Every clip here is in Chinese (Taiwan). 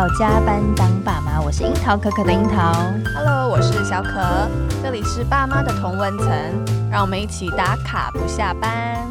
要加班當爸媽，我是櫻桃可可的櫻桃。Hello，我是小可，這裡是爸媽的同溫層，讓我們一起打卡不下班。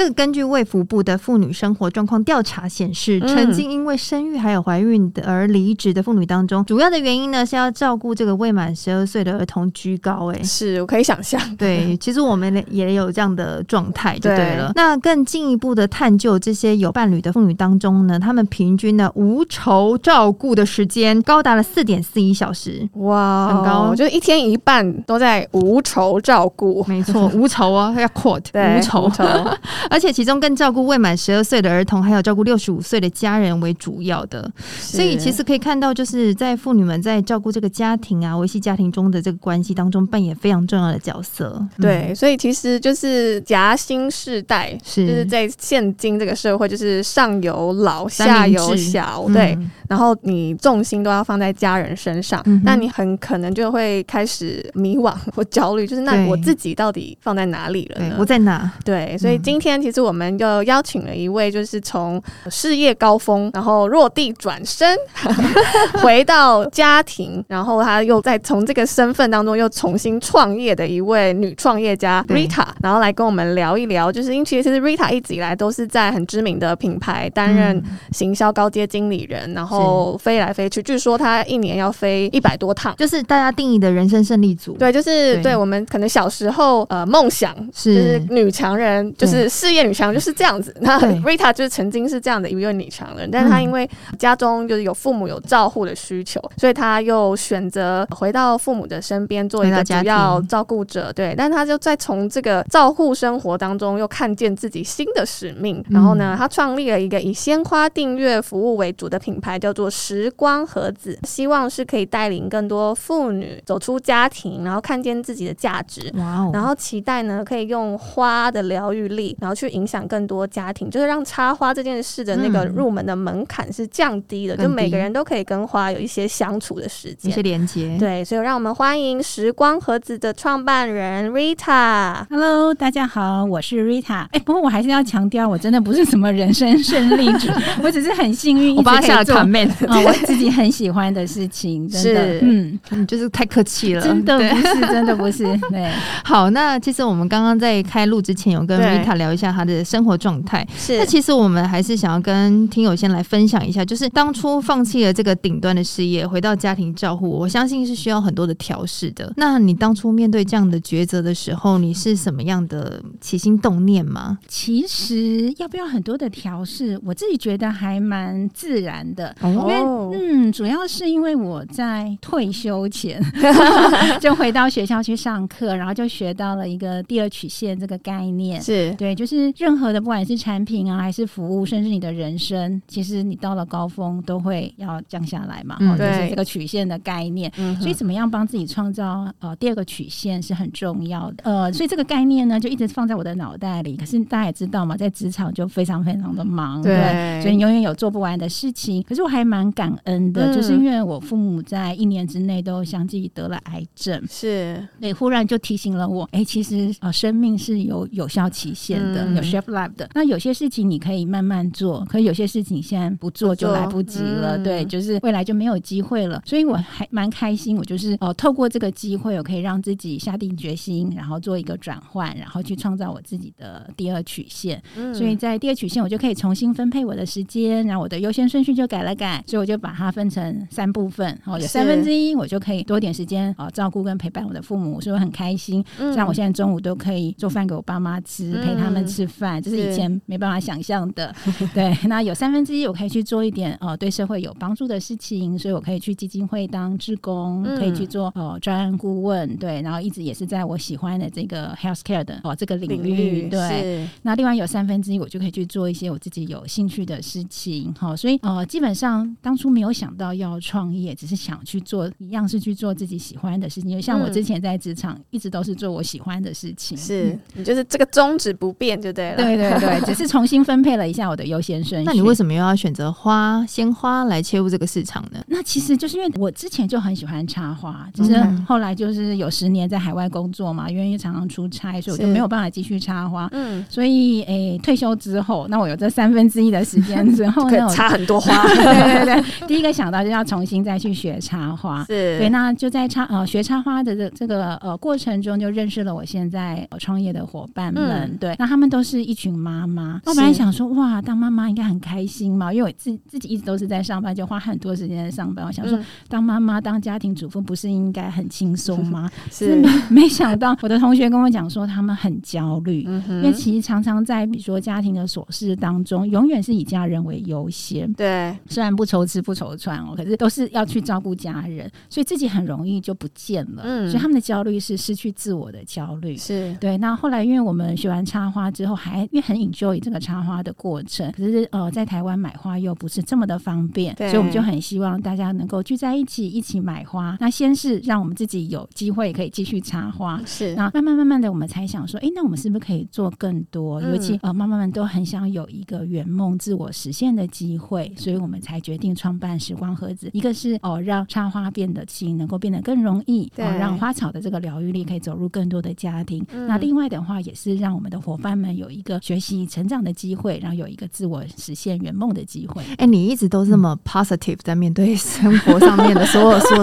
這個根據衛福部的婦女生活狀況調查顯示，嗯、曾經因為生育還有懷孕而離職的婦女當中，主要的原因呢是要照顧這個未滿十二歲的兒童居高，哎，是我可以想象對，其實我們也有這樣的狀態就對了。對，那更進一步的探究，這些有伴侶的婦女當中呢，他們平均呢無酬照顧的時間高達了四點四一小時。哇，很高，我就一天一半都在無酬照顧，沒錯，無酬啊，要 quote，對無酬愁。無愁 而且其中更照顧未滿十二歲的兒童，還有照顧六十五歲的家人為主要的，是所以其實可以看到，就是在婦女們在照顧這個家庭啊，維繫家庭中的這個關係當中，扮演非常重要的角色。對，嗯、所以其實就是夾心世代，是就是在現今這個社會，就是上有老，下有小，對，嗯、然後你重心都要放在家人身上，嗯、哼那你很可能就會開始迷惘或焦慮，就是那我自己到底放在哪裡了呢？我在哪？對，所以今天、嗯。其實我們又邀請了一位，就是從事業高峰，然後落地轉身， 回到家庭，然後她又在從這個身份當中又重新創業的一位女創業家 Rita，對然後來跟我們聊一聊。就是，因為其實，其實 Rita 一直以來都是在很知名的品牌擔任行銷高階經理人，嗯、然後飛來飛去，據說她一年要飛一百多趟。就是大家定義的人生勝利組，對，就是對，對我們可能小時候呃夢想、就是女強人，就是。事業女強就是這樣子。那 Rita 就是曾經是這樣的一位女強人，對但是她因為家中就是有父母有照護的需求，嗯、所以她又選擇回到父母的身邊做一個主要照顧者。對，但她就在從這個照護生活當中又看見自己新的使命。嗯、然後呢，她創立了一個以鮮花訂閱服務為主的品牌，叫做蒔光盒子，希望是可以帶領更多婦女走出家庭，然後看見自己的價值。哇哦！然後期待呢，可以用花的療癒力。去影響更多家庭，就是讓插花這件事的那個入門的門檻是降低的，低就每個人都可以跟花有一些相處的時間，一些連接。對，所以讓我們歡迎蒔光盒子的創辦人 Rita。Hello，大家好，我是 Rita。哎、欸，不過我還是要強調，我真的不是什麼人生勝利者， 我只是很幸運，我把下了 comment 啊對、哦，我自己很喜歡的事情，真的，是嗯,嗯，就是太客氣了，真的對不是，真的不是。對好，那其實我們剛剛在開錄之前有跟 Rita 聊一。下他的生活狀態，是那其實我們還是想要跟聽友先來分享一下，就是當初放棄了這個頂端的事業，回到家庭照護。我相信是需要很多的調適的。那你當初面對這樣的抉擇的時候，你是什麼樣的起心動念嗎？其實要不要很多的調適，我自己覺得還蠻自然的。哦、因為嗯，主要是因為我在退休前 就回到學校去上課，然後就學到了一個第二曲線這個概念，是對，就是。是任何的，不管是產品啊，還是服務，甚至你的人生，其實你到了高峰都會要降下來嘛，嗯對哦、就是這個曲線的概念。嗯、哼所以怎麼樣幫自己創造呃第二個曲線是很重要的。呃，所以這個概念呢，就一直放在我的腦袋裡。可是大家也知道嘛，在職場就非常非常的忙，對，所以永遠有做不完的事情。可是我還蠻感恩的，嗯、就是因為我父母在一年之內都相繼得了癌症，是，對，忽然就提醒了我，哎、欸，其實呃生命是有有效期限的。嗯 S 有 shelf life 的。那有些事情你可以慢慢做，可是有些事情你現在不做就來不及了，嗯、對，就是未來就沒有機會了。所以我還蠻開心，我就是哦、呃，透過這個機會，我可以讓自己下定決心，然後做一個轉換，然後去創造我自己的第二曲線。嗯、所以在第二曲線，我就可以重新分配我的時間，然後我的優先順序就改了改，所以我就把它分成三部分，我、哦、有三分之一，我就可以多點時間啊、呃、照顧跟陪伴我的父母，所以我很開心。像我現在中午都可以做飯給我爸媽吃，嗯、陪他們。吃飯，這是以前沒辦法想象的，是 對。那有三分之一我可以去做一點哦、呃，對社會有幫助的事情，所以我可以去基金會當志工，嗯、可以去做哦、呃、專案顧問，對。然後一直也是在我喜歡的這個 healthcare 的哦、呃、這個領域，領域對。是那另外有三分之一我就可以去做一些我自己有興趣的事情，好、呃。所以呃，基本上當初沒有想到要創業，只是想去做一樣是去做自己喜歡的事情。就像我之前在職場、嗯、一直都是做我喜歡的事情，是、嗯、你就是這個宗旨不變。就對了，對，對對對， 只是重新分配了一下我的優先順序。那你為什麼又要選擇花鮮花來切入這個市場呢？那其實就是因為我之前就很喜歡插花，只、就是後來就是有十年在海外工作嘛，因為常常出差，所以我就沒有辦法繼續插花。是以嗯，所以誒退休之後，那我有這三分之一的時間之後， 可以插很多花。 對對對， 第一個想到就要重新再去學插花。是，對，那就在插呃學插花的這這個呃過程中，就認識了我現在創業的夥伴們。嗯、對，那他們。都是一群媽媽，我本來想說，哇，當媽媽應該很開心嘛，因為我自自己一直都是在上班，就花很多時間在上班。我想說，嗯、當媽媽當家庭主婦不是應該很輕鬆嗎？嗯、是，是沒，沒想到我的同學跟我講說，他們很焦慮，嗯、哼因為其實常常在比如說家庭的瑣事當中，永遠是以家人為優先。對，雖然不愁吃不愁穿哦，可是都是要去照顧家人，所以自己很容易就不見了。嗯、所以他們的焦慮是失去自我的焦慮。是，對。那後來因為我們學完插花。之後還因為很 enjoy 這個插花的過程，可是呃，在台灣買花又不是這麼的方便，所以我們就很希望大家能夠聚在一起一起買花。那先是讓我們自己有機會可以繼續插花，是那慢慢慢慢的，我們才想說，哎，那我們是不是可以做更多？尤其呃，媽媽們都很想有一個圓夢、自我實現的機會，所以我們才決定創辦蒔光盒子。一個是哦、呃，讓插花變得輕，能夠變得更容易，讓花草的這個療癒力可以走入更多的家庭。那另外的話，也是讓我們的伙伴。們有一個學習成長的機會，然後有一個自我實現圓夢的機會。哎、欸，你一直都這麼 positive、嗯、在面對生活上面的所有所有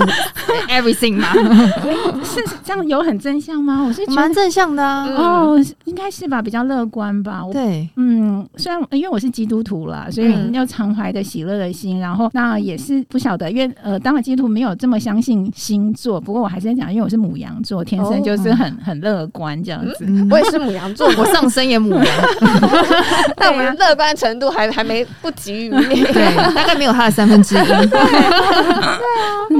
everything 嗎、 欸？是這樣有很正向嗎？我是蠻正向的、啊嗯、哦，應該是吧，比較樂觀吧。對，嗯，雖然因為我是基督徒啦，所以要常懷著喜樂的心。嗯、然後那也是不曉得，因為呃，當了基督徒沒有這麼相信星座，不過我還是在講，因為我是牡羊座，天生就是很很樂觀這樣子。嗯、我也是牡羊座， 我上升。面母 但我們樂觀程度還還沒不及於你， 對，啊、 對，大概沒有他的三分之一。 對啊，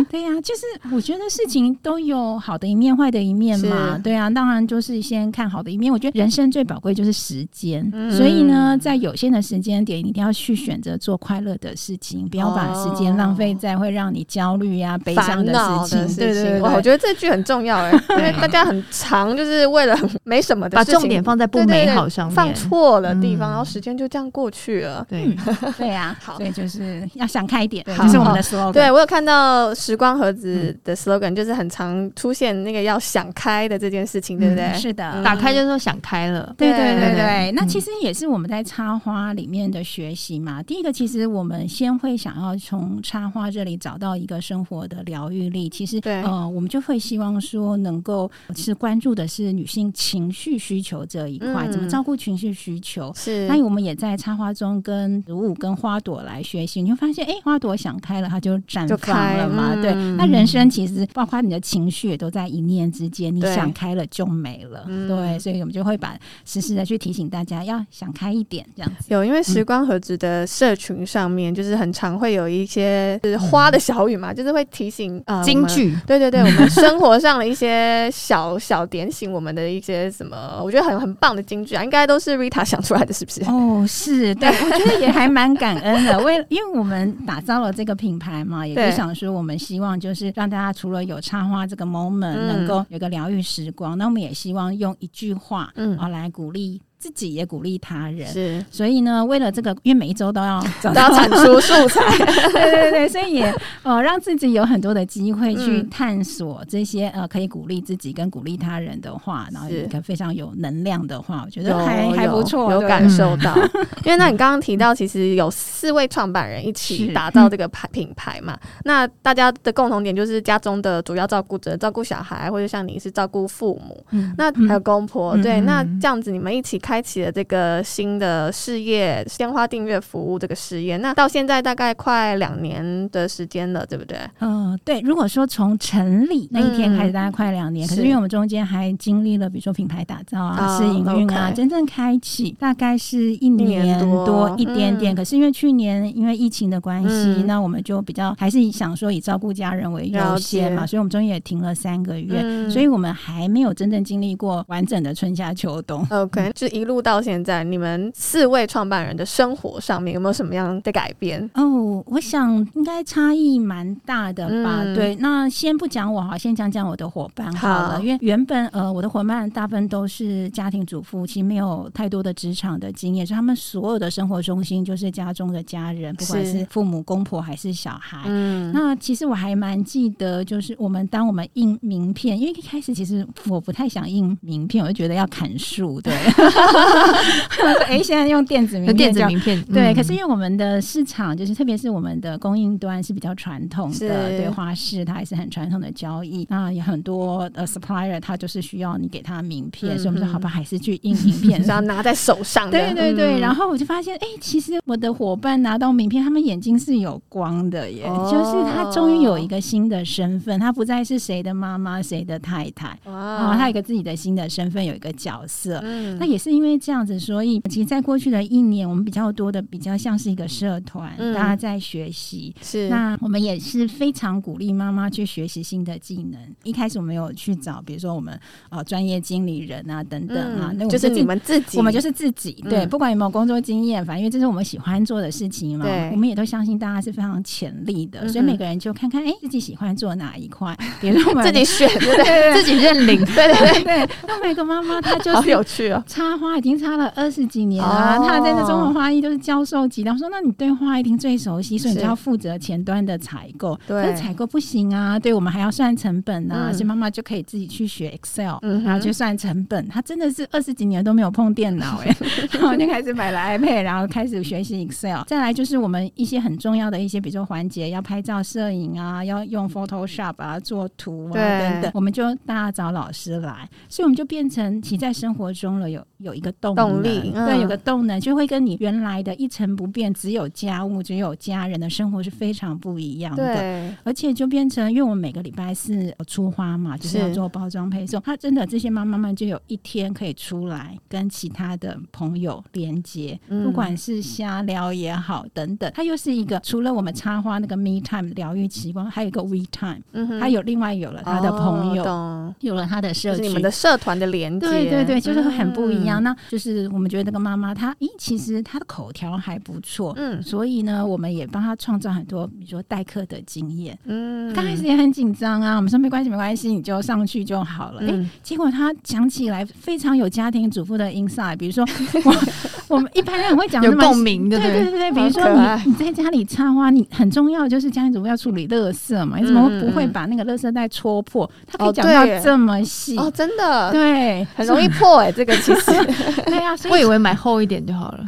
對啊。就是我覺得事情都有好的一面，壞的一面嘛。是對啊，當然就是先看好的一面。我覺得人生最寶貴就是時間，嗯、所以呢，在有限的時間點，一定要去選擇做快樂的事情，不要把時間浪費在、哦、會讓你焦慮呀、啊、悲傷的事情。事情對，對對對，對我覺得這句很重要，哎 對，因為大家很常，就是為了沒什麼的事情，把重點放在不美。對對對放錯了地方，然後時間就這樣過去了。對對呀，好，對，就是要想開一點。好，就是我們的 slogan。對，我有看到蒔光盒子的 slogan，就是很常出現那個要想開的這件事情，對不對？是的，打開就是說想開了。對對對對。那其實也是我們在插花裡面的學習嘛。第一個，其實我們先會想要從插花這裡找到一個生活的療癒力。其實，呃，我們就會希望說，能夠是關注的是女性情緒需求這一塊。照顧情緒需求，是。那我們也在插花中跟植物、跟花朵來學習，你就發現，哎、欸，花朵想開了，它就綻放了嘛，嗯、對。那人生其實，包括你的情緒，也都在一念之間。對你想開了就沒了，嗯、對。所以我們就會把時時的去提醒大家，要想開一點，這樣子。有，因為時光盒子的社群上面，就是很常會有一些就是花的小語嘛，嗯、就是會提醒呃，金句句，對對對，我們生活上的一些小小點醒，我們的一些什麼，我覺得很很棒的金句。應該都是 Rita 想出來的，是不是？哦，是，對 我覺得也還蠻感恩的。為因為我們打造了這個品牌嘛，也就想說，我們希望就是讓大家除了有插花這個 moment 能夠有個療癒時光，嗯、那我們也希望用一句話，嗯，好來鼓勵。自己也鼓勵他人，是，所以呢，為了這個，因為每一周都要都要產出素材， 對對對，所以呃、哦，讓自己有很多的機會去探索這些、嗯、呃，可以鼓勵自己跟鼓勵他人的話，然後有一個非常有能量的話，我覺得還是還，還不錯，有感受到。對嗯、因為那你剛剛提到，其實有四位創辦人一起打造這個牌品牌嘛？是那大家的共同點就是家中的主要照顧者，照顧小孩，或者像你是照顧父母，嗯、那還有公婆，嗯、對，嗯、那這樣子你們一起。開啟了這個新的事業——鮮花訂閱服務這個事業。那到現在大概快兩年的時間了，對不對？嗯，對。如果說從成立那一天開始，大概快兩年。可是因為我們中間還經歷了，比如說品牌打造啊、試營運啊，真正開啟大概是一年多一點點。可是因為去年因為疫情的關係，那我們就比較還是想說以照顧家人為優先嘛，所以我們中間也停了三個月。所以我們還沒有真正經歷過完整的春夏秋冬。OK，一路到現在，你們四位創辦人的生活上面有沒有什麼樣的改變？哦，oh, 我想應該差異蠻大的吧。嗯、對，那先不講我哈，先講講我的伙伴好了。好，因為原本呃，我的伙伴的大部分都是家庭主婦，其實沒有太多的職場的經驗，所以他們所有的生活中心就是家中的家人，不管是父母、公婆還是小孩。嗯是，那其實我還蠻記得，就是我們當我們印名片，因為一開始其實我不太想印名片，我就覺得要砍樹，對。 哈哈，哎、 欸，現在用電子名片、電子名片對，嗯、可是因為我們的市場就是，特別是我們的供應端是比較傳統的對，對，花市它也是很傳統的交易。那有很多呃 supplier，他就是需要你給他名片，嗯、所以我們說好吧，嗯、還是去印名片，只要拿在手上。對對對，嗯、然後我就發現，哎、欸，其實我的夥伴拿到名片，他們眼睛是有光的耶，哦、就是他終於有一個新的身份，他不再是誰的媽媽、誰的太太，啊哇，然後他有一個自己的新的身份，有一個角色，嗯、那也是。因為這樣子，所以其實在過去的一年，我們比較多的比較像是一個社團，大家在學習。是。那我們也是非常鼓勵媽媽去學習新的技能。一開始我們有去找，比如說我們呃專業經理人啊等等啊，那就是你們自己，我們就是自己。對，不管有沒有工作經驗，反正因為這是我們喜歡做的事情嘛。我們也都相信大家是非常潛力的，所以每個人就看看哎自己喜歡做哪一塊，比如說我們自己選。對，自己認領。對對對對，那每個媽媽她就是好有趣哦，插花。花已經插了二十幾年了、啊，他、哦、在那中國花藝都是教授級的。我說，那你對花一定最熟悉，所以你就要負責前端的採購。對是，是採購不行啊，對我們還要算成本啊。嗯、所以媽媽就可以自己去學 Excel，、嗯、哼然後去算成本。她真的是二十幾年都沒有碰電腦哎、欸， 然後就開始買了 iPad，然後開始學習 Excel。 再來就是我們一些很重要的一些比如說環節，要拍照攝影啊，要用 Photoshop 啊做圖啊等等，對的我們就大家找老師來，所以我們就變成其在生活中了。有有。一個動、動力，嗯、對，有個動能，就會跟你原來的一成不變，只有家務，只有家人的生活是非常不一樣的。對，而且就變成，因為我每個禮拜四出花嘛，就是要做包裝配送。他是真的這些媽媽們就有一天可以出來跟其他的朋友連接，嗯、不管是瞎聊也好等等。他又是一個除了我們插花那個 Me Time、療癒時光，還有一個 We Time。嗯哼，他有另外有了他的朋友，哦、有了他的社，你們的社團的連接。對對對，就是會很不一樣。嗯嗯就是我們覺得那個媽媽，她，咦，其實她的口條還不錯，嗯，所以呢，我們也幫她創造很多，比如說代課的經驗，嗯，剛開始也很緊張啊，我們說沒關係，沒關係，你就上去就好了，哎、嗯欸，結果她講起來非常有家庭主婦的 insight，比如說我。 我們一般人很會講有共鳴的，對對對，比如說你你在家裡插花，你很重要就是家裡怎麼要處理垃圾嘛？你怎麼不會把那個垃圾袋戳破？他可以講到這麼細哦，真的，對，很容易破哎，這個其實對呀，所以我以為買厚一點就好了。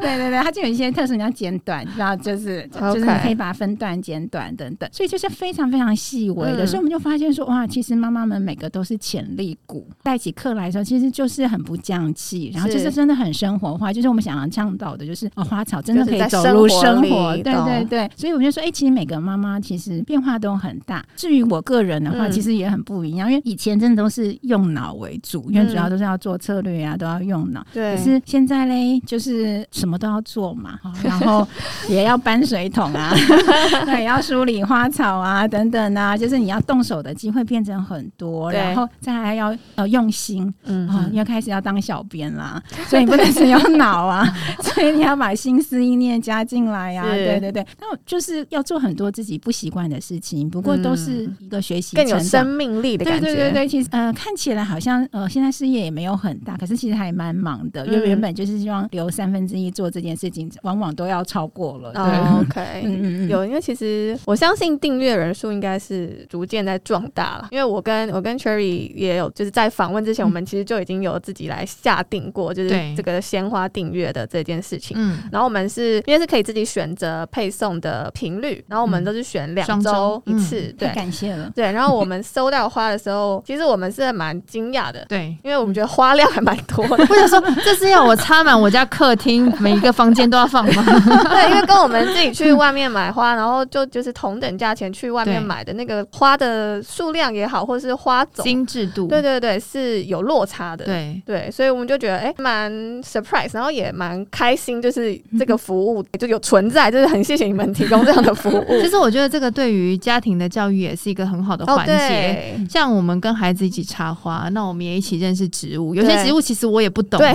對對對，它就有一些特殊，你要剪短，然後就是就是可以把它分段剪短等等，所以就是非常非常細微的。所以我們就發現說，哇，其實媽媽們每個都是潛力股，帶起課來的時候，其實就是很不將就，然後就是真的。很生活化，就是我們想要倡導的，就是、哦、花草真的可以走入生活，對對對。所以我就說，哎、欸，其實每個媽媽其實變化都很大。至於我個人的話，嗯、其實也很不一樣，因為以前真的都是用腦為主，因為主要都是要做策略啊，都要用腦。對、嗯。可是現在嘞，就是什麼都要做嘛，然後也要搬水桶啊， 對，要梳理花草啊等等啊，就是你要動手的機會變成很多。對然後再來要呃用心，嗯哼，你要開始要當小編啦。所以。 不能只有腦啊，所以你要把心思意念加進來呀、啊。是對對對，那就是要做很多自己不習慣的事情，不過都是一個學習更有生命力的感覺。對對對,對其實呃看起來好像呃現在事業也沒有很大，可是其實還蠻忙的，嗯、因為原本就是希望留三分之一做這件事情，往往都要超過了。對 OK，有因為其實我相信訂閱人數應該是逐漸在壯大了，因為我跟我跟 Cherry 也有就是在訪問之前，我們其實就已經有自己來下定過，就是。這個鮮花訂閱的這件事情，嗯，然後我們是因為是可以自己選擇配送的頻率，然後我們都是選兩週一次，對，太感謝了，對。然後我們收到花的時候，其實我們是蠻驚訝的，對，因為我們覺得花量還蠻多的，或者說這是要我插滿我家客廳，每一個房間都要放嗎？對，因為跟我們自己去外面買花，然後就就是同等價錢去外面買的那個花的數量也好，或者是花種精致度，對對對，是有落差的，對對，所以我們就覺得哎，蠻。surprise，然後也蠻開心，就是這個服務就有存在，就是很謝謝你們提供這樣的服務。其實我覺得這個對於家庭的教育也是一個很好的環節。像我們跟孩子一起插花，那我們也一起認識植物。有些植物其實我也不懂，對，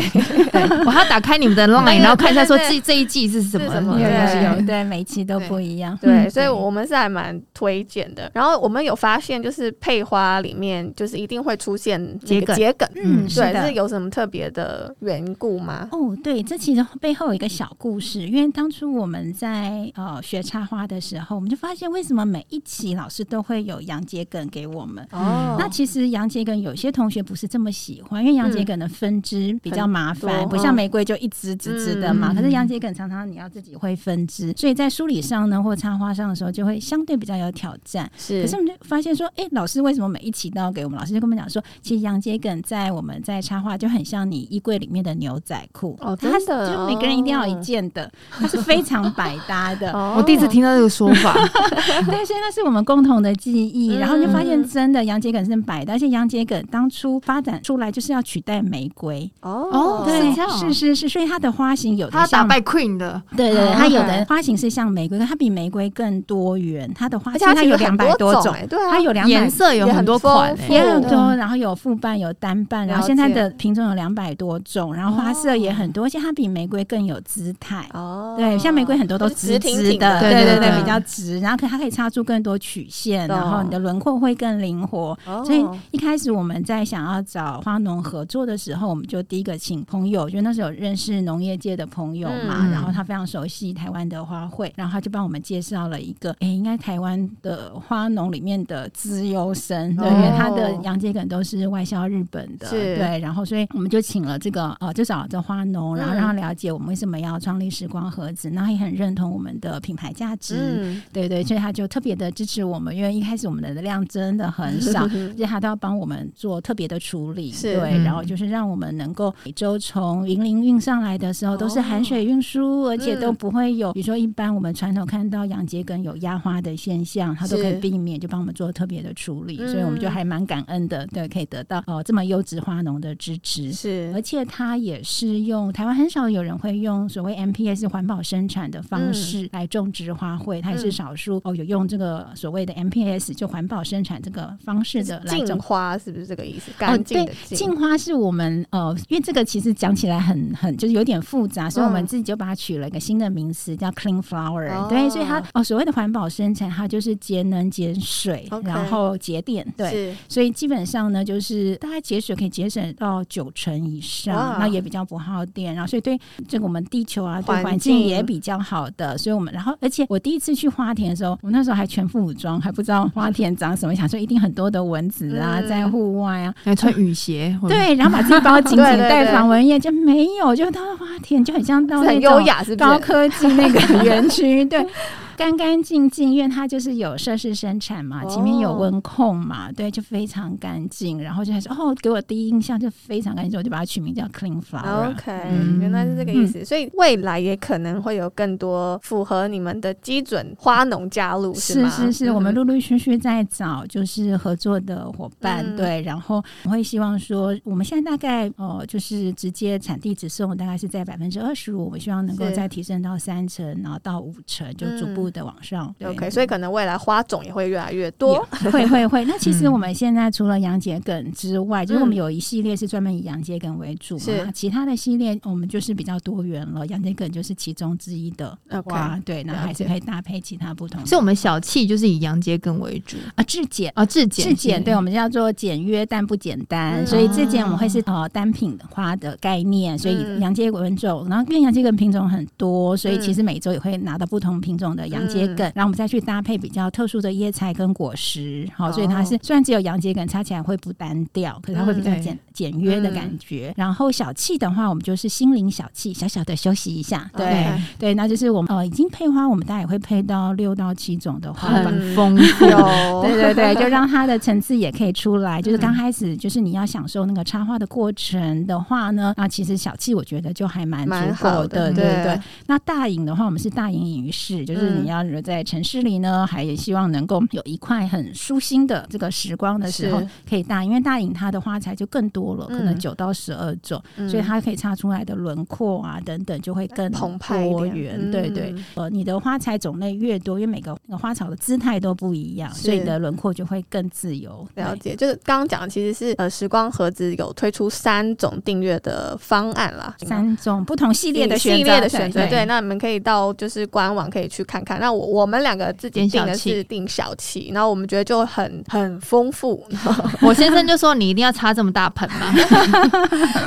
我還要打開你們的 line，然後看一下說這這一季是什麼什麼。對，每一期都不一樣。對，所以我們是還蠻推薦的。然後我們有發現，就是配花裡面就是一定會出現桔梗，桔梗，嗯，對，是有什麼特別的緣故。哦，對，這其實背後有一個小故事，因為當初我們在呃、哦、學插花的時候，我們就發現為什麼每一期老師都會有洋桔梗給我們。嗯、哦，那其實洋桔梗有些同學不是這麼喜歡，因為洋桔梗的分枝比較麻煩，嗯、不像玫瑰就一支一支的嘛。嗯、可是洋桔梗常常你要自己會分枝，嗯、所以在梳理上呢，或插花上的時候就會相對比較有挑戰。是，可是我們就發現說，哎，老師為什麼每一期都要給我們？老師就跟我們講說，其實洋桔梗在我們在插花就很像你衣櫃裡面的牛。牛仔褲哦，它的，就每個人一定要一件的，它是非常百搭的。哦。我第一次聽到這個說法，對，現在是我們共同的記憶。然後就發現真的，洋桔梗是百搭，而且洋桔梗當初發展出來就是要取代玫瑰哦，對，是是是，所以它的花型有它打敗 Queen 的，對對，它有的花型是像玫瑰，但它比玫瑰更多元，它的花型它有兩百多種，對，它有兩百，顏色有很多款，也很多，然後有複瓣有單瓣，然後現在的品種有兩百多種，然後。花色也很多，而且它比玫瑰更有姿態。哦，對，像玫瑰很多都直直，直的，直挺挺的對對對，比較直。然後可它可以插出更多曲線，對然後你的輪廓會更靈活。對所以一開始我們在想要找花農合作的時候，我們就第一個請朋友，因為那時候有認識農業界的朋友嘛，嗯、然後他非常熟悉台灣的花卉，然後他就幫我們介紹了一個，哎，應該台灣的花農裡面的資優生，對哦、因為他的洋桔梗都是外銷日本的，是對。然後所以我們就請了這個，哦、呃，這找這花農，然後讓他了解我們為什麼要創立時光盒子，嗯、然後也很認同我們的品牌價值，嗯、對對，所以他就特別的支持我們，因為一開始我們的量真的很少，所以、嗯、他都要幫我們做特別的處理，是對，然後就是讓我們能夠每周從雲林運上來的時候都是含水運輸，哦、而且都不會有，嗯、比如說一般我們傳統看到洋桔梗有壓花的現象，他都可以避免，就幫我們做特別的處理，是所以我們就還蠻感恩的，對，可以得到哦、呃、這麼優質花農的支持，是，而且他也。也是用台灣很少有人會用所謂 MPS 環保生產的方式來種植花卉，它也、嗯、是少數、嗯、哦，有用這個所謂的 MPS 就環保生產這個方式的來種花，是不是這個意思？乾淨、哦、的淨、哦、花是我們呃，因為這個其實講起來很很就是有點複雜，所以我們自己就把它取了一個新的名詞叫 Clean Flower、嗯。對，所以它哦所謂的環保生產，它就是節能節水，okay, 然後節電。對，是所以基本上呢，就是大概節水可以節省到九成以上，那、哦、也。比較不耗電，然後所以對這個我們地球啊，境對環境也比較好的，所以我們然後而且我第一次去花田的時候，我那時候還全副武裝，還不知道花田長什麼，想說 一定很多的蚊子啊，在戶外啊，嗯、啊還穿雨鞋，啊、也對，然後把自己包緊緊帶防蚊液， 對對對對就沒有，就到了花田就很像到很優雅是不是？高科技那個園區，是是 對。乾乾淨淨，因為它就是有設施生產嘛，前面有溫控嘛，哦、對，就非常乾淨。然後就開始，哦，給我第一印象就非常乾淨，我就把它取名叫 Clean Flower，啊、OK、嗯、原來是這個意思。嗯、所以未來也可能會有更多符合你們的基準花農加入，是嗎？是是是，是是是嗯、我們陸陸續續在找就是合作的夥伴，嗯、對。然後我會希望說，我們現在大概哦、呃、就是直接產地直送，大概是在百分之二十五，我希望能夠再提升到三成，然後到五成，就逐步。的網上對，OK，對所以可能未來花種也會越來越多，yeah, 會會會。那其實我們現在除了洋桔梗之外，嗯、就是我們有一系列是專門以洋桔梗為主嘛，嗯、其他的系列我們就是比較多元了，洋桔梗就是其中之一的花，okay, 對，那還是可以搭配其他不同。是我們小氣就是以洋桔梗為主啊，質檢啊，質檢，質檢，對，我們叫做簡約但不簡單，嗯、所以質檢我們會是呃單品花的概念，所以洋桔梗品種，然後因為洋桔梗品,品種很多，所以其實每周也會拿到不同品種的。洋桔梗，然後我們再去搭配比較特殊的葉材跟果實，好、哦，哦、所以它是雖然只有洋桔梗插起來會不單調，可是它會比較簡、嗯、簡約的感覺。嗯、然後小憩的話，我們就是心靈小憩，小小的休息一下，對 Okay. 對，那就是我們呃已經配花，我們大概也會配到六到七種的花，很豐富， 對對對，就讓它的層次也可以出來。就是剛開始就是你要享受那個插花的過程的話呢，嗯、那其實小憩我覺得就還蠻足夠蠻好的，對對對。那大隱的話，我們是大隱隱於市，就是你。你要在城市裡呢，還也希望能夠有一塊很舒心的這個時光的時候可以大，是因為大影它的花材就更多了，嗯、可能九到十二種，嗯、所以它可以插出來的輪廓啊等等就會更多元，澎湃對，對對。嗯、呃，你的花材種類越多，因為每個花草的姿態都不一樣，是所以你的輪廓就會更自由。了解，就是剛剛講的其實是呃，時光盒子有推出三種訂閱的方案啦。三種不同系列的選系列的選擇。對，對，對，對，那你們可以到就是官網可以去看看。那我我們兩個自己定的是定小期，然後我們覺得就很很豐富。我先生就說：“你一定要插這麼大盆嗎？”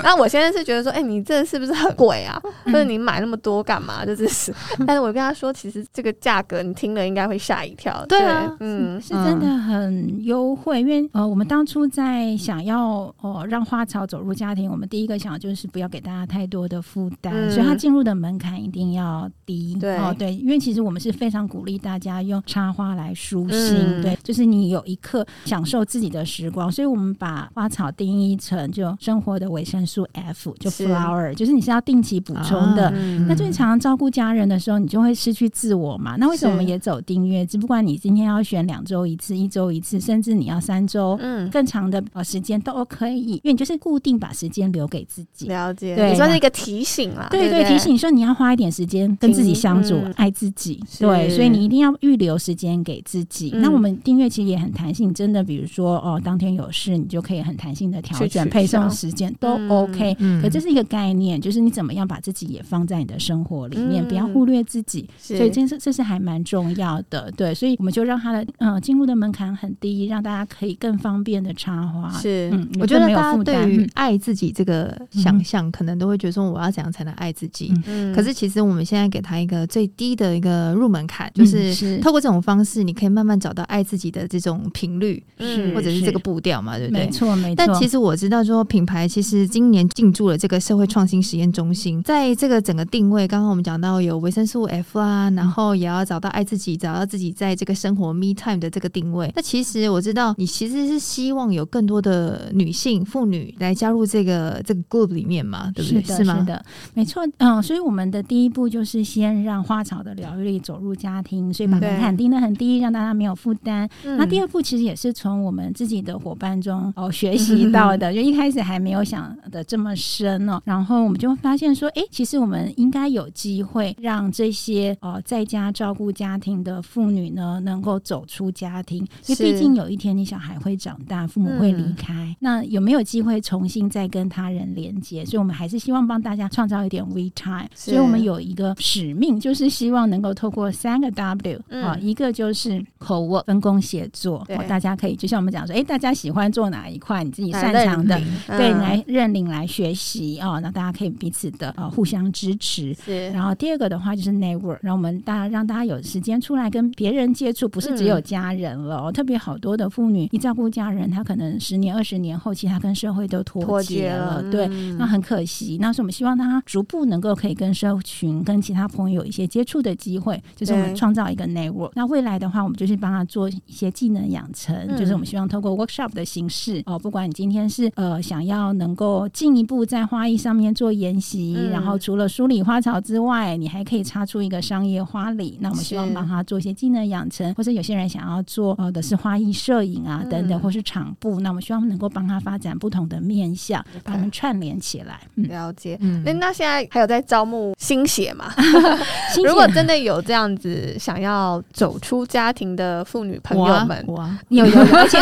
那我先生是覺得說：“哎、欸，你這是不是很貴啊？就是、嗯、你買那麼多幹嘛？這就是。”但是我跟他說：“其實這個價格，你聽了應該會嚇一跳。對”對啊，嗯是，是真的很優惠，因為呃，我們當初在想要哦讓花草走入家庭，我們第一個想的就是不要給大家太多的負擔，嗯、所以他進入的門檻一定要低。對哦，對，因為其實我們是。非常鼓勵大家用插花來舒心，嗯、對，就是你有一刻享受自己的時光。所以我們把花草定義成就生活的維生素 F，就 flower，是就是你是要定期補充的。哦嗯、那最常照顧家人的時候，你就會失去自我嘛？那為什麼我們也走訂閱？只是不過你今天要選兩周一次、一周一次，甚至你要三周更長的時間都可以，嗯、因為你就是固定把時間留給自己，了解？對，你算是一個提醒了。對，對對，提醒說你要花一點時間跟自己相處，嗯、愛自己。是對，所以你一定要預留時間給自己。那我們訂閱其實也很彈性，真的，比如說哦，當天有事，你就可以很彈性的調整配送時間都 OK。可這是一個概念，就是你怎麼樣把自己也放在你的生活裡面，不要忽略自己。所以，這是這是還蠻重要的。對，所以我們就讓他的嗯進入的門檻很低，讓大家可以更方便的插花。是，我覺得大家對於愛自己這個想象，可能都會覺得說我要怎樣才能愛自己？嗯，可是其實我們現在給他一個最低的一個入門。看，就是透過這種方式，你可以慢慢找到愛自己的這種頻率，嗯，或者是這個步調嘛，對不對？沒錯，沒錯。但其實我知道，說品牌其實今年進駐了這個社會創新實驗中心，在這個整個定位，剛剛我們講到有維生素 F 啊，然後也要找到愛自己，找到自己在這個生活 me time 的這個定位。那其實我知道，你其實是希望有更多的女性婦女來加入這個這個 group 裡面嘛，對不對？是的，是嗎？是的，沒錯。嗯，所以我們的第一步就是先讓花草的療癒力走入家庭，所以把門檻定得很低，讓大家沒有負擔。那第二步其實也是從我們自己的夥伴中哦學習到的。就一開始還沒有想得這麼深哦，然後我們就會發現說，哎，其實我們應該有機會讓這些哦、呃、在家照顧家庭的婦女呢，能夠走出家庭。因為畢竟有一天你小孩會長大，父母會離開，嗯、那有沒有機會重新再跟他人連接？所以我們還是希望幫大家創造一點 We Time 是。所以我們有一個使命，就是希望能夠透過。三個 W 啊，一個就是口握分工協作，嗯哦、大家可以就像我們講說，誒，大家喜歡做哪一塊，你自己擅長的，對，來認領來學習啊，那、哦、大家可以彼此的啊互相支持。是，然後第二個的話就是 network，讓我們大家讓大家有時間出來跟別人接觸，不是只有家人了，嗯哦、特別好多的婦女，一照顧家人，她可能十年二十年後期她跟社會都脫節了，節了對，嗯、那很可惜。那是我們希望她逐步能夠可以跟社群、跟其他朋友一些接觸的機會。就是我們創造一個 network，對那未來的話，我們就去幫他做一些技能養成。嗯、就是我們希望透過 workshop 的形式哦，不管你今天是呃想要能夠進一步在花藝上面做研習，嗯、然後除了梳理花草之外，你還可以插出一個商業花禮。那我們希望幫他做一些技能養成，是或者有些人想要做呃的是花藝攝影啊、嗯、等等，或是場布。那我們希望能夠幫他發展不同的面向，把、嗯、他們串聯起來。了解。那、嗯嗯、那現在還有在招募新血嗎？ 如果真的有這樣。 這樣子想要走出家庭的婦女朋友們，哇，有有，而且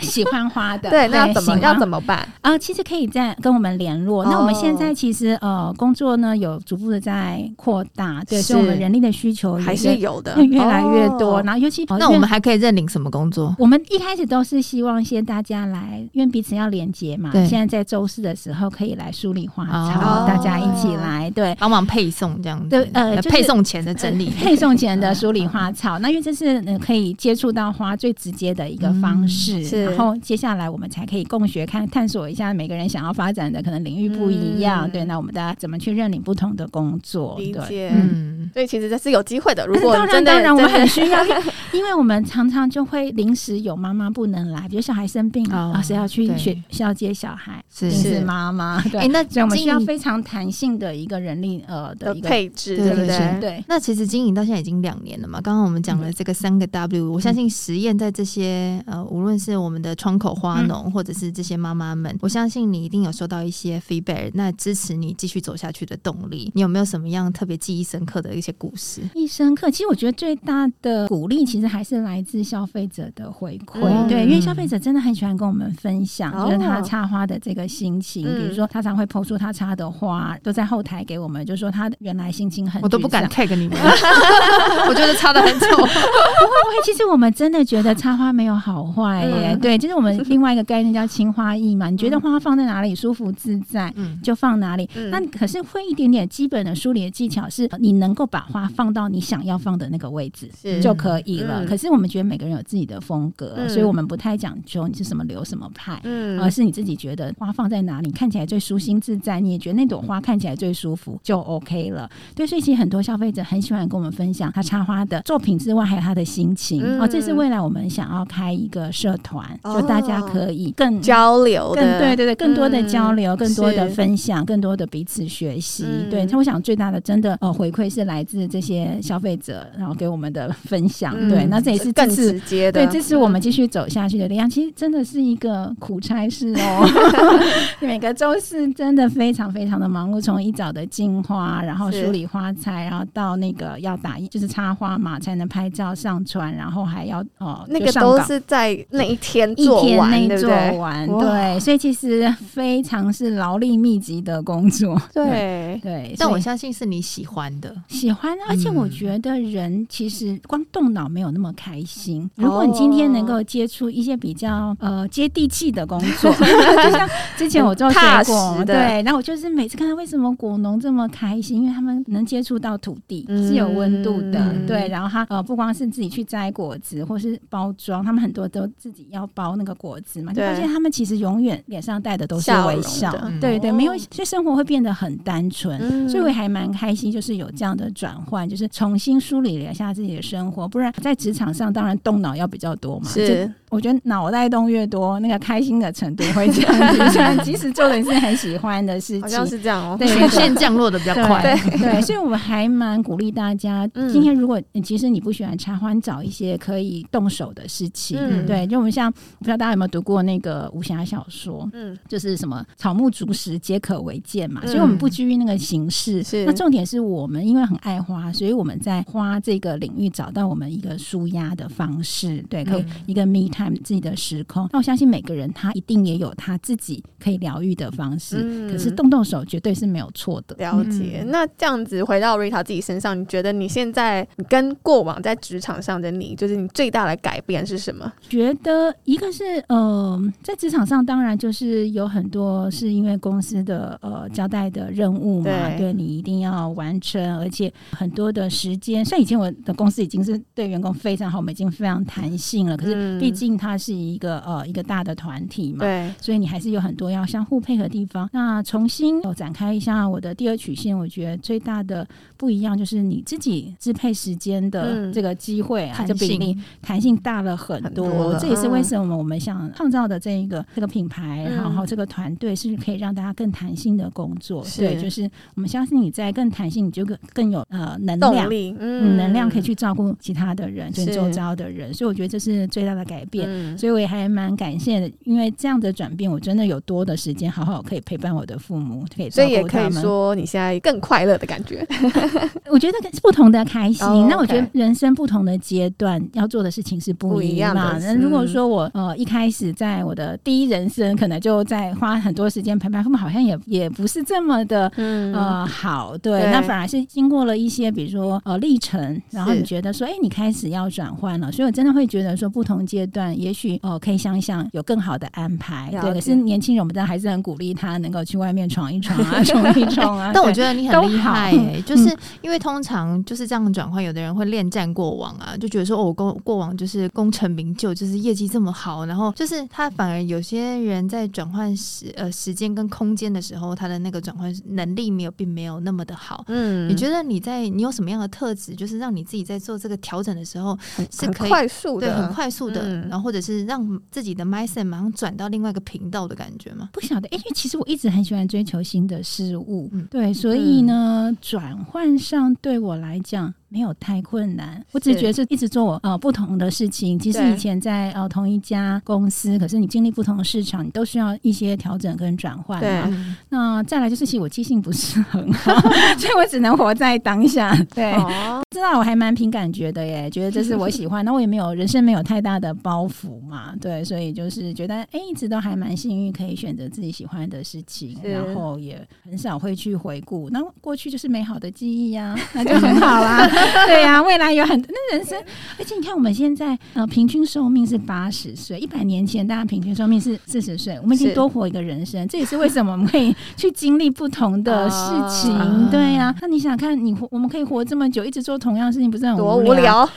喜歡花的，對，那怎麼要怎麼辦啊？其實可以在跟我們聯絡。那我們現在其實呃，工作呢有逐步的在擴大，對，就是我們人力的需求還是有的，越來越多。然後尤其那我們還可以認領什麼工作？我們一開始都是希望先大家來，因為彼此要連接嘛。現在在周四的時候可以來梳理花草，大家一起來，對，幫忙配送這樣子，呃，配送前的整理。配送前的梳理花草，那因為這是可以接觸到花最直接的一個方式，然後接下來我們才可以共學，看探索一下每個人想要發展的可能領域不一樣，對，那我們大家怎麼去認領不同的工作？對。嗯，所以其實這是有機會的。如果當然當然我們很需要，因為我們常常就會臨時有媽媽不能來，比如小孩生病了，老師要去學校接小孩，是。媽媽。哎，那我們需要非常彈性的一個人力呃的一個配置，對不對？對，那其實經營。到現在已經兩年了嘛？剛剛我們講了這個三個 W，、嗯、我相信實驗在這些呃，無論是我們的窗口花農，嗯、或者是這些媽媽們，我相信你一定有收到一些 feedback，那支持你繼續走下去的動力。你有沒有什麼樣特別記憶深刻的一些故事？一深刻，其實我覺得最大的鼓勵其實還是來自消費者的回饋，嗯、對，因為消費者真的很喜歡跟我們分享，啊、就是他插花的這個心情，嗯、比如說他常會 po 出他插的花，嗯、都在後台給我們，就說他原來心情很，我都不敢 tag 你們。 我覺得插得很醜。 不會，其實我們真的覺得插花沒有好壞耶，嗯、對，就是我們另外一個概念叫“輕花藝”嘛。你覺得花放在哪裡舒服自在，嗯、就放哪裡。嗯、那可是會一點點基本的梳理的技巧，是你能夠把花放到你想要放的那個位置就可以了。是嗯、可是我們覺得每個人有自己的風格，嗯、所以我們不太講究你是什麼流什麼派，嗯、而是你自己覺得花放在哪裡看起來最舒心自在，你也覺得那朵花看起來最舒服就 OK 了。對，所以其實很多消費者很喜歡跟我們。分享他插花的作品之外，還有他的心情、嗯、哦，這是未來我們想要開一個社團，哦、就大家可以更交流，更對對對，更多的交流，嗯、更多的分享，是更多的彼此學習。對，我想最大的真的呃回饋是來自這些消費者，然後給我們的分享。嗯、對，那這也是這更直接的，對這是我們繼續走下去的力量。其實真的是一個苦差事哦，哦 每個週四真的非常非常的忙碌，從一早的進花，然後梳理花材，然後到那個要。打印，就是插花嘛，才能拍照上傳，然後還要哦，那個都是在那一天一天內做完，對，所以其實非常是勞力密集的工作，對對。但我相信是你喜歡的，喜歡，而且我覺得人其實光動腦沒有那麼開心。如果你今天能夠接觸一些比較呃接地氣的工作，就像之前我做茶果，對，然後我就是每次看到為什麼果農這麼開心，因為他們能接觸到土地是有問溫度的，嗯、對，然後他呃，不光是自己去摘果子，或是包裝，他們很多都自己要包那個果子嘛，對就發現他們其實永遠臉上帶的都是微笑，笑嗯、對對，沒有，所以生活會變得很單純，嗯、所以我還蠻開心，就是有這樣的轉換，就是重新梳理了一下自己的生活，不然在職場上當然動腦要比較多嘛，是。我覺得腦袋動越多，那個開心的程度會這樣子，雖然其實做人是很喜歡的事情， 好像是這樣哦。對， 線降落的比較快。對對，對，對，所以我們還蠻鼓勵大家，嗯、今天如果其實、嗯、你不喜歡插花，你找一些可以動手的事情。嗯、對，就我們像不知道大家有沒有讀過那個武俠小說，嗯，就是什麼草木竹石皆可為劍嘛。嗯、所以我們不拘於那個形式。嗯、是那重點是我們因為很愛花，所以我們在花這個領域找到我們一個舒壓的方式。對，可以一個密探。自己的時空，那我相信每個人他一定也有他自己可以療癒的方式。嗯，可是動動手絕對是沒有錯的。了解。那這樣子回到 Rita 自己身上，你覺得你現在你跟過往在職場上的你，就是你最大的改變是什麼？覺得一個是嗯，呃，在職場上當然就是有很多是因為公司的呃交代的任務嘛，對，對你一定要完成，而且很多的時間。像以前我的公司已經是對員工非常好，我們已經非常彈性了。可是畢竟，嗯。它是一個呃一個大的團體嘛，對，所以你還是有很多要相互配合的地方。那重新展開一下我的第二曲線，我覺得最大的不一樣就是你自己支配時間的這個機會啊，就、嗯、比你彈性大了很多。很多嗯、這也是為什麼我們想創造的這一個這個品牌，然後、嗯、這個團隊，是不是可以讓大家更彈性的工作？是對，就是我們相信你在更彈性，你就更更有呃能量，嗯，嗯能量可以去照顧其他的人，嗯、就是周遭的人。是所以我覺得這是最大的改變。嗯、所以我也還蠻感謝的，因為這樣的轉變，我真的有多的時間好好可以陪伴我的父母，可以照顧他們。所以也可以說你現在更快樂的感覺、 啊。我覺得不同的開心。Oh, okay 那我覺得人生不同的階段要做的事情是不一，不一樣的。那、嗯、如果說我呃一開始在我的第一人生，可能就在花很多時間陪伴父母，好像也也不是這麼的、嗯、呃好。對，對那反而是經過了一些比如說呃歷程，然後你覺得說，哎、欸，你開始要轉換了。所以我真的會覺得說，不同階段。也許哦，可以想想有更好的安排。對，對，可是年輕人，我們當然還是很鼓勵他能夠去外面闖一闖啊， 闖一闖。啊。但我覺得你很厲害、欸，好就是因為通常就是這樣的轉換，有的人會戀棧過往啊，嗯、就覺得說、哦、我過過往就是功成名就，就是業績這麼好，然後就是他反而有些人在轉換時呃時間跟空間的時候，他的那個轉換能力沒有，並沒有那麼的好。嗯，你覺得你在你有什麼樣的特質，就是讓你自己在做這個調整的時候，是可以快速的對，很快速的。嗯或者是讓自己的麥森馬上轉到另外一個頻道的感覺嗎？不曉得，欸，因為其實我一直很喜歡追求新的事物，嗯，對，所以呢，轉換，嗯，上對我來講。沒有太困難，我只覺得是一直做我呃不同的事情。其實以前在對呃同一家公司，可是你經歷不同的市場，你都需要一些調整跟轉換。啊，對，那再來就是，其實我記性不是很好， 所以我只能活在當下。對，哦，知道我還蠻憑感覺的耶，覺得這是我喜歡，那 我也沒有人生沒有太大的包袱嘛。對，所以就是覺得哎，欸，一直都還蠻幸運，可以選擇自己喜歡的事情，是然後也很少會去回顧。那過去就是美好的記憶呀，啊，那就 很好啦，啊。 對呀、啊，未來有很多那人生，而且你看我們現在呃，平均壽命是八十歲，一百年前大家平均壽命是四十歲，我們已經多活一個人生，是這也是為什麼我們可以去經歷不同的事情。對呀，那你想看你我們可以活這麼久，一直做同樣的事情，不是很無聊？多無聊？啊、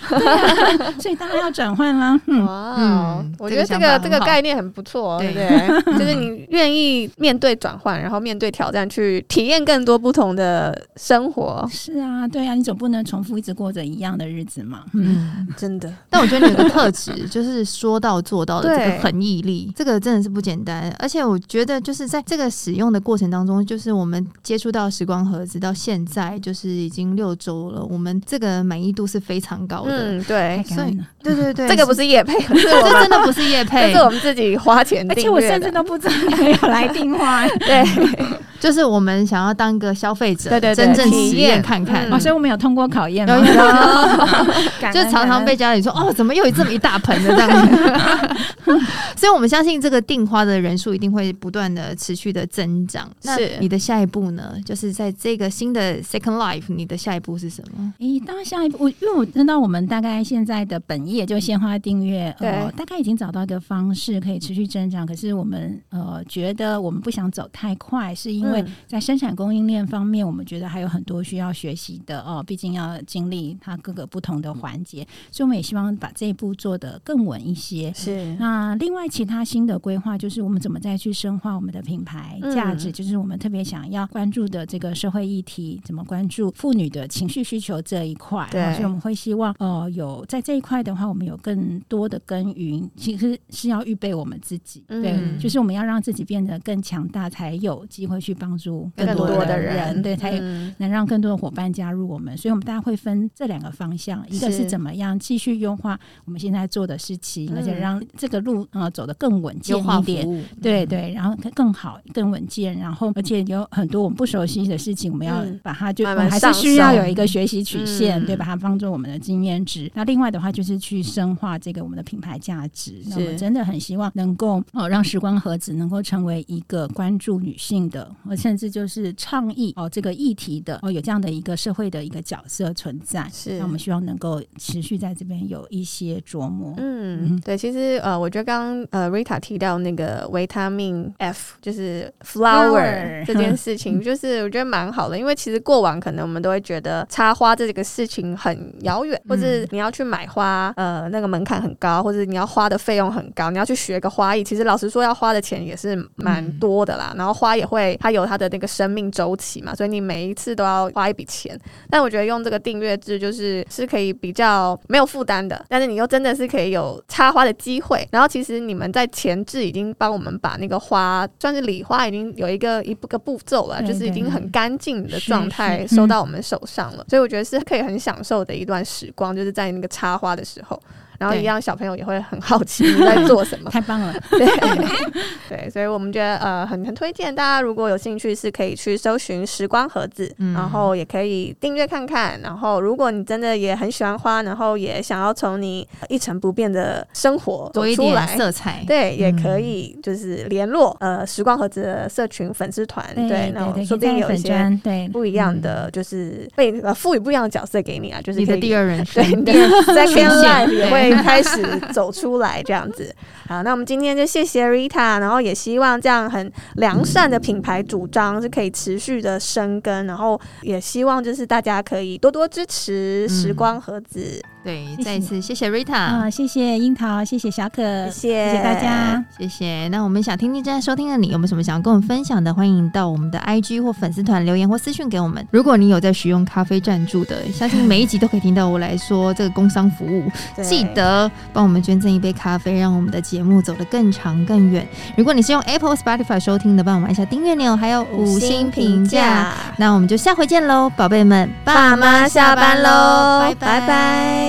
所以當然要轉換啦。 哇，嗯、我覺得這個這個概念很不錯，對，對？ 就是你願意面對轉換，然後面對挑戰，去體驗更多不同的生活。是啊，對啊，你總不能重複。一直過着一樣的日子嗎？嗯，真的。但我覺得你有個特質， 就是說到做到的這個恆毅力，對這個真的是不簡單。而且我覺得，就是在這個使用的過程當中，就是我們接觸到蒔光盒子到現在，就是已經六周了，我們這個滿意度是非常高的。嗯，對，所以對對對，這個不是業配這 真的不是業配這 是我們自己花錢。而且我甚至都不知道有來訂花，對， 就是我們想要當個消費者，對對對，真正體驗看看。所以、嗯、我們有通過考驗。 就常常被家裡說哦，怎麼又有這麼一大盆的這樣子？ 所以，我們相信這個訂花的人數一定會不斷的持續的增長。是，那，你的下一步呢？就是在這個新的 Second Life，你的下一步是什麼？你、欸、當下一步，因為我知道我們大概現在的本業就鮮花訂閱，呃、對，大概已經找到一個方式可以持續增長。可是我們呃，覺得我們不想走太快，是因為在生產供應鏈方面，我們覺得還有很多需要學習的哦。呃、畢竟要經歷它各個不同的環節，嗯、所以我們也希望把這一步做得更穩一些。是，那另外其他新的規劃就是我們怎麼再去深化我們的品牌價值，嗯、就是我們特別想要關注的這個社會議題，怎麼關注婦女的情緒需求這一塊。對，所以我們會希望，呃，有在這一塊的話，我們有更多的耕耘，其實是要預備我們自己。對，嗯、就是我們要讓自己變得更強大，才有機會去幫助更多的人。的人，嗯、對，才能讓更多的夥伴加入我們。所以，我們大家會。分這兩個方向，一個是怎麼樣繼續優化我們現在做的事情，嗯、而且讓這個路呃走得更穩健一點，對對，然後更好、更穩健，然後而且有很多我們不熟悉的事情，我們要把它就還，上上我們還是需要有一個學習曲線，嗯、對，把它當做我們的經驗值。那另外的話就是去深化這個我們的品牌價值，那我真的很希望能夠哦讓蒔光盒子能夠成為一個關注女性的，甚至就是倡議哦這個議題的哦有這樣的一個社會的一個角色。很讚。是，那我們希望能夠持續在這邊有一些琢磨。嗯，嗯對，其實呃，我覺得剛剛呃，Rita 提到那個維他命 F，就是 flower、哦、這件事情，就是我覺得蠻好的， 因為其實過往可能我們都會覺得插花這個事情很遙遠，或是你要去買花，呃，那個門檻很高，或是你要花的費用很高，你要去學個花藝，其實老實說要花的錢也是蠻多的啦。嗯、然後花也會它有它的那個生命周期嘛，所以你每一次都要花一筆錢。但我覺得用這個定月制，就是是可以比較沒有負擔的，但是你又真的是可以有插花的機會。然後其實你們在前置已經幫我們把那個花，算是禮花，已經有一個一個步驟了，對對對，就是已經很乾淨的狀態收到我們手上了。是是嗯、所以我覺得是可以很享受的一段時光，就是在那個插花的時候。然後一樣，小朋友也會很好奇你在做什麼。 太棒了， 對 對，所以我們覺得呃，很很推薦大家，如果有興趣，是可以去搜尋“蒔光盒子”，然後也可以訂閱看看。然後，如果你真的也很喜歡花，然後也想要從你一成不變的生活走出來。色彩，對，也可以就是聯絡呃“蒔光盒子”社群粉絲團，對，嗯、然後說不定有一些對不一樣的，就是被賦予不一樣的角色給你啊，就是你的第二人生，對，對 second life，也會。 開始走出來這樣子，好，那我們今天就謝謝 Rita，然後也希望這樣很良善的品牌主張是可以持續的生根，然後也希望就是大家可以多多支持蒔光盒子。嗯對，謝謝，再一次謝謝 Rita 啊、嗯，謝謝櫻桃，謝謝小可，謝謝，謝謝大家，謝謝。那我們想聽聽正在收聽的你有沒有什麼想要跟我們分享的？歡迎到我們的 IG 或粉絲團留言或私訊給我們。如果你有在使用咖啡贊助的，相信每一集都可以聽到我來說這個工商服務， 對記得幫我們捐贈一杯咖啡，讓我們的節目走得更長更遠。如果你是用 Apple Spotify 收聽的，幫我們按下訂閱鈕，還有五星評價。評價，那我們就下回見嘍，寶貝們，爸媽下班嘍，班拜拜。拜拜